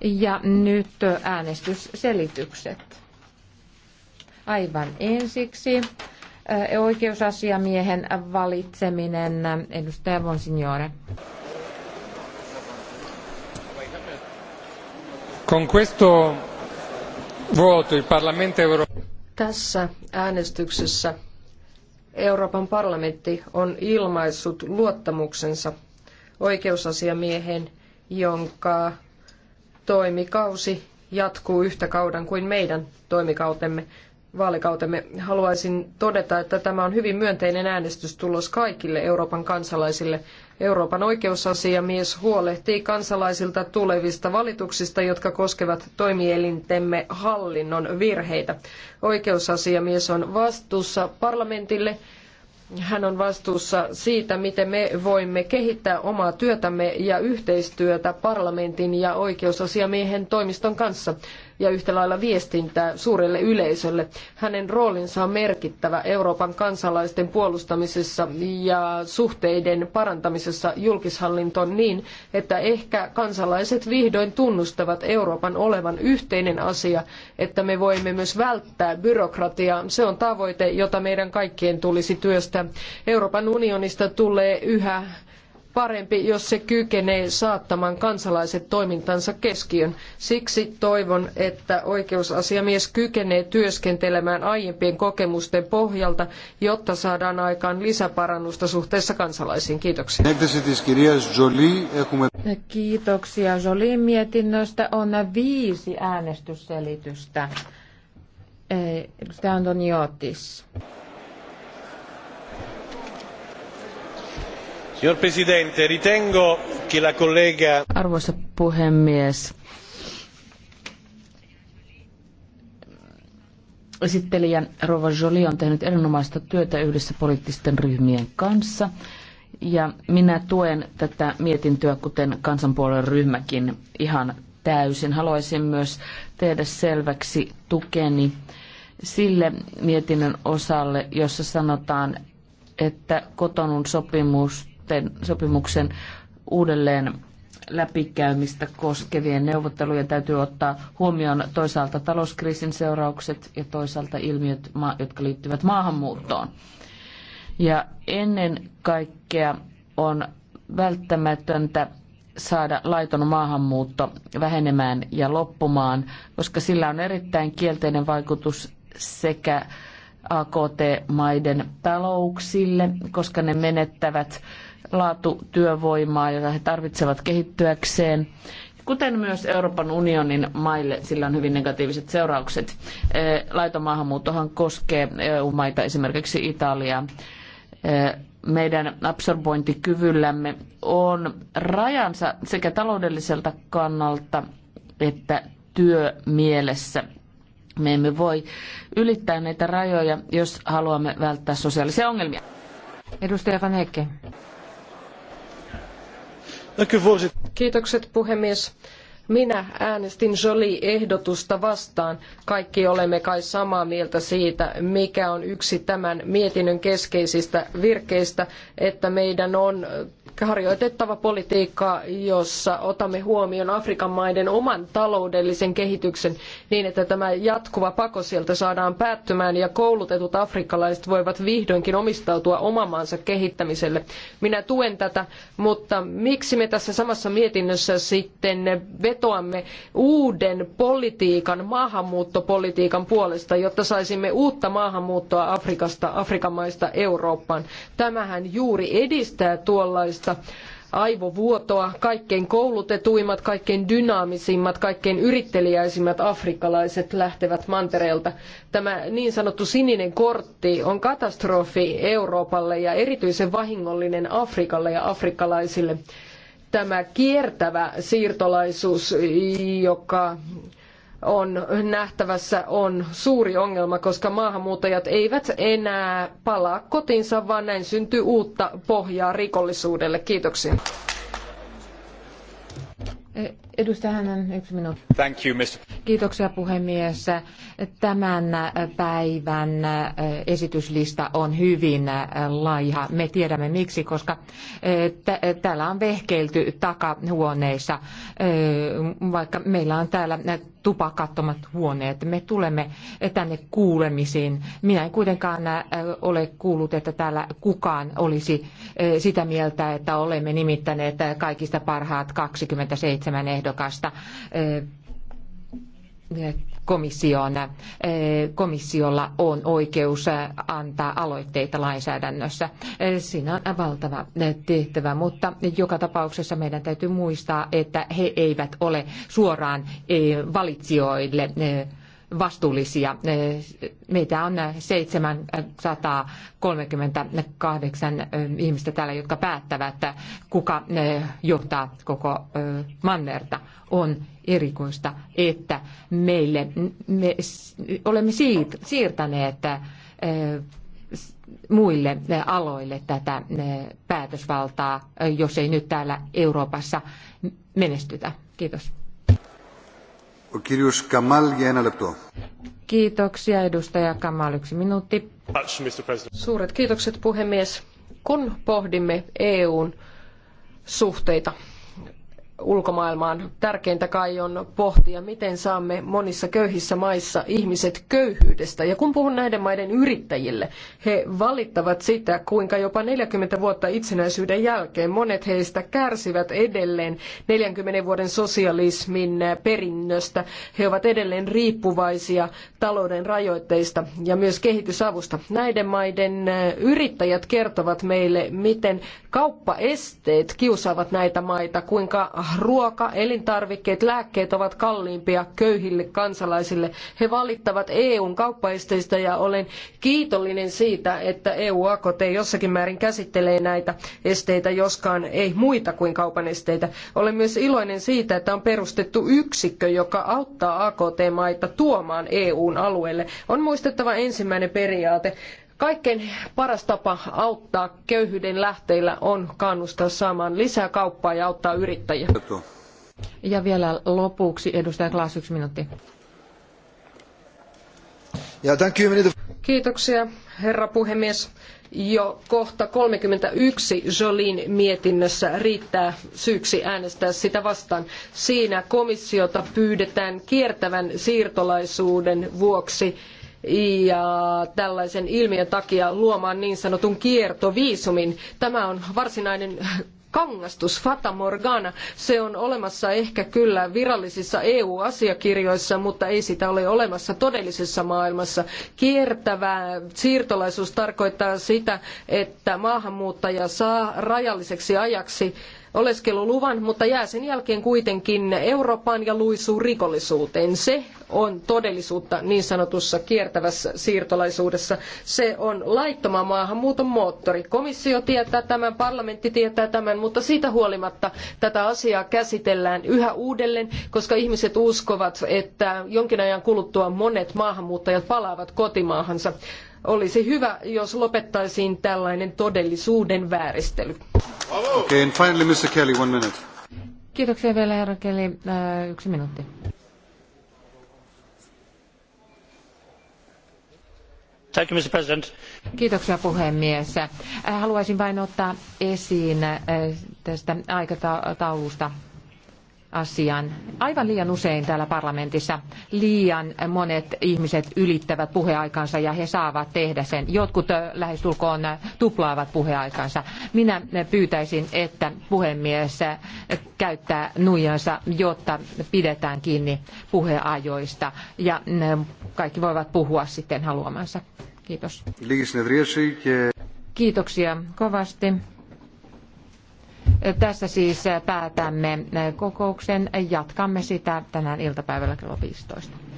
Ja nyt äänestysselitykset. Aivan ensiksi oikeusasiamiehen valitseminen. Edustaja Bonsignore. Con questo voto il Parlamento europeo... Tässä äänestyksessä Euroopan parlamentti on ilmaissut luottamuksensa oikeusasiamiehen, jonka toimikausi jatkuu yhtä kauden kuin meidän toimikautemme vaalikautemme. Haluaisin todeta, että tämä on hyvin myönteinen äänestystulos kaikille Euroopan kansalaisille. Euroopan oikeusasiamies huolehtii kansalaisilta tulevista valituksista, jotka koskevat toimielintemme hallinnon virheitä. Oikeusasiamies on vastuussa parlamentille hän on vastuussa siitä, miten me voimme kehittää omaa työtämme ja yhteistyötä parlamentin ja oikeusasiamiehen toimiston kanssa ja yhtä lailla viestintää suurelle yleisölle. Hänen roolinsa on merkittävä Euroopan kansalaisten puolustamisessa ja suhteiden parantamisessa julkishallintoon niin, että ehkä kansalaiset vihdoin tunnustavat Euroopan olevan yhteinen asia, että me voimme myös välttää byrokratiaa. Se on tavoite, jota meidän kaikkien tulisi työstää. Euroopan unionista tulee yhä parempi, jos se kykenee saattamaan kansalaiset toimintansa keskiön. Siksi toivon, että oikeusasiamies kykenee työskentelemään aiempien kokemusten pohjalta, jotta saadaan aikaan lisäparannusta suhteessa kansalaisiin. Kiitoksia. Kiitoksia Jolin mietinnöstä. On viisi äänestysselitystä. Eh, edustaja Antoniotis. Signor Presidente, ritengo che la collega... Arvoisa puhemies, esittelijä Rova Jolie on tehnyt erinomaista työtä yhdessä poliittisten ryhmien kanssa. Ja minä tuen tätä mietintöä, kuten kansanpuolen ryhmäkin, ihan täysin. Haluaisin myös tehdä selväksi tukeni sille mietinnön osalle, jossa sanotaan, että kotonun sopimus soputen, sopimuksen uudelleen läpikäymistä koskevien neuvottelujen täytyy ottaa huomioon toisaalta talouskriisin seuraukset ja toisaalta ilmiöt, jotka liittyvät maahanmuuttoon. Ja ennen kaikkea on välttämätöntä saada laiton maahanmuutto vähenemään ja loppumaan, koska sillä on erittäin kielteinen vaikutus sekä AKT-maiden talouksille, koska ne menettävät laatutyövoimaa, jota he tarvitsevat kehittyäkseen kuten myös Euroopan unionin maille, sillä on hyvin negatiiviset seuraukset. E, Laiton maahanmuuttohan koskee EU-maita, esimerkiksi Italiaa. E, meidän absorbointikyvyllämme on rajansa sekä taloudelliselta kannalta että työmielessä. Me emme voi ylittää näitä rajoja, jos haluamme välttää sosiaalisia ongelmia. Edustaja Van Heikke. Kiitokset puhemies. Minä äänestin Jolie-ehdotusta vastaan. Kaikki olemme kai samaa mieltä siitä, mikä on yksi tämän mietinnön keskeisistä virkeistä, että meidän on harjoitettava politiikkaa, jossa otamme huomioon Afrikan maiden oman taloudellisen kehityksen niin, että tämä jatkuva pako sieltä saadaan päättymään ja koulutetut afrikkalaiset voivat vihdoinkin omistautua oman maansa kehittämiselle. Minä tuen tätä, mutta miksi me tässä samassa mietinnössä sitten vet- vetoamme uuden politiikan, maahanmuuttopolitiikan puolesta, jotta saisimme uutta maahanmuuttoa Afrikasta, Afrikan maista Eurooppaan. Tämähän juuri edistää tuollaista aivovuotoa. Kaikkein koulutetuimmat, kaikkein dynaamisimmat, kaikkein yritteliäisimmät afrikkalaiset lähtevät mantereelta. Tämä niin sanottu sininen kortti on katastrofi Euroopalle ja erityisen vahingollinen Afrikalle ja afrikkalaisille tämä kiertävä siirtolaisuus, joka on nähtävässä, on suuri ongelma, koska maahanmuuttajat eivät enää palaa kotiinsa, vaan näin syntyy uutta pohjaa rikollisuudelle. Kiitoksia. Kiitoksia puhemies. Tämän päivän esityslista on hyvin laiha. Me tiedämme miksi, koska täällä on vehkeilty takahuoneissa, vaikka meillä on täällä tupakattomat huoneet. Me tulemme tänne kuulemisiin. Minä en kuitenkaan äh, ole kuullut, että täällä kukaan olisi äh, sitä mieltä, että olemme nimittäneet äh, kaikista parhaat 27 ehdokasta komissioon. Eh, komissiolla on oikeus eh, antaa aloitteita lainsäädännössä. Eh, siinä on valtava tehtävä, mutta joka tapauksessa meidän täytyy muistaa, että he eivät ole suoraan valitsijoille vastuullisia. Meitä on 738 ihmistä täällä, jotka päättävät, kuka johtaa koko mannerta on erikoista, että meille, me olemme siirtäneet äh, muille aloille tätä äh, päätösvaltaa, äh, jos ei nyt täällä Euroopassa menestytä. Kiitos. Kirjus Kamal, Kiitoksia edustaja Kamal, yksi minuutti. Suuret kiitokset puhemies. Kun pohdimme EUn suhteita ulkomaailmaan. Tärkeintä kai on pohtia, miten saamme monissa köyhissä maissa ihmiset köyhyydestä. Ja kun puhun näiden maiden yrittäjille, he valittavat sitä, kuinka jopa 40 vuotta itsenäisyyden jälkeen monet heistä kärsivät edelleen 40 vuoden sosialismin perinnöstä. He ovat edelleen riippuvaisia talouden rajoitteista ja myös kehitysavusta. Näiden maiden yrittäjät kertovat meille, miten kauppaesteet kiusaavat näitä maita, kuinka ruoka, elintarvikkeet, lääkkeet ovat kalliimpia köyhille kansalaisille. He valittavat EUn kauppaesteistä ja olen kiitollinen siitä, että EU-AKT jossakin määrin käsittelee näitä esteitä, joskaan ei muita kuin kaupan esteitä. Olen myös iloinen siitä, että on perustettu yksikkö, joka auttaa AKT-maita tuomaan EUn alueelle. On muistettava ensimmäinen periaate. Kaikkein paras tapa auttaa köyhyyden lähteillä on kannustaa saamaan lisää kauppaa ja auttaa yrittäjiä. Ja vielä lopuksi edustaja Klaas, yksi minuutti. Kiitoksia, herra puhemies. Jo kohta 31 Jolin mietinnössä riittää syyksi äänestää sitä vastaan. Siinä komissiota pyydetään kiertävän siirtolaisuuden vuoksi ja tällaisen ilmiön takia luomaan niin sanotun kiertoviisumin. Tämä on varsinainen kangastus, Fata Morgana. Se on olemassa ehkä kyllä virallisissa EU-asiakirjoissa, mutta ei sitä ole olemassa todellisessa maailmassa. Kiertävä siirtolaisuus tarkoittaa sitä, että maahanmuuttaja saa rajalliseksi ajaksi oleskeluluvan, mutta jää sen jälkeen kuitenkin Eurooppaan ja luisuu rikollisuuteen. Se on todellisuutta niin sanotussa kiertävässä siirtolaisuudessa. Se on laittoman maahanmuuton moottori. Komissio tietää tämän, parlamentti tietää tämän, mutta siitä huolimatta tätä asiaa käsitellään yhä uudelleen, koska ihmiset uskovat, että jonkin ajan kuluttua monet maahanmuuttajat palaavat kotimaahansa. Olisi hyvä, jos lopettaisiin tällainen todellisuuden vääristely. Okay, and finally, Mr. Kelly, one minute. Kiitoksia vielä, herra Kelly. Äh, yksi minuutti. Kiitoksia puhemies. Äh, haluaisin vain ottaa esiin äh, tästä aikataulusta asian. Aivan liian usein täällä parlamentissa liian monet ihmiset ylittävät puheaikansa ja he saavat tehdä sen. Jotkut lähestulkoon tuplaavat puheaikansa. Minä pyytäisin, että puhemies käyttää nuijansa, jotta pidetään kiinni puheajoista ja kaikki voivat puhua sitten haluamansa. Kiitos. Kiitoksia kovasti. Tässä siis päätämme kokouksen. Jatkamme sitä tänään iltapäivällä kello 15.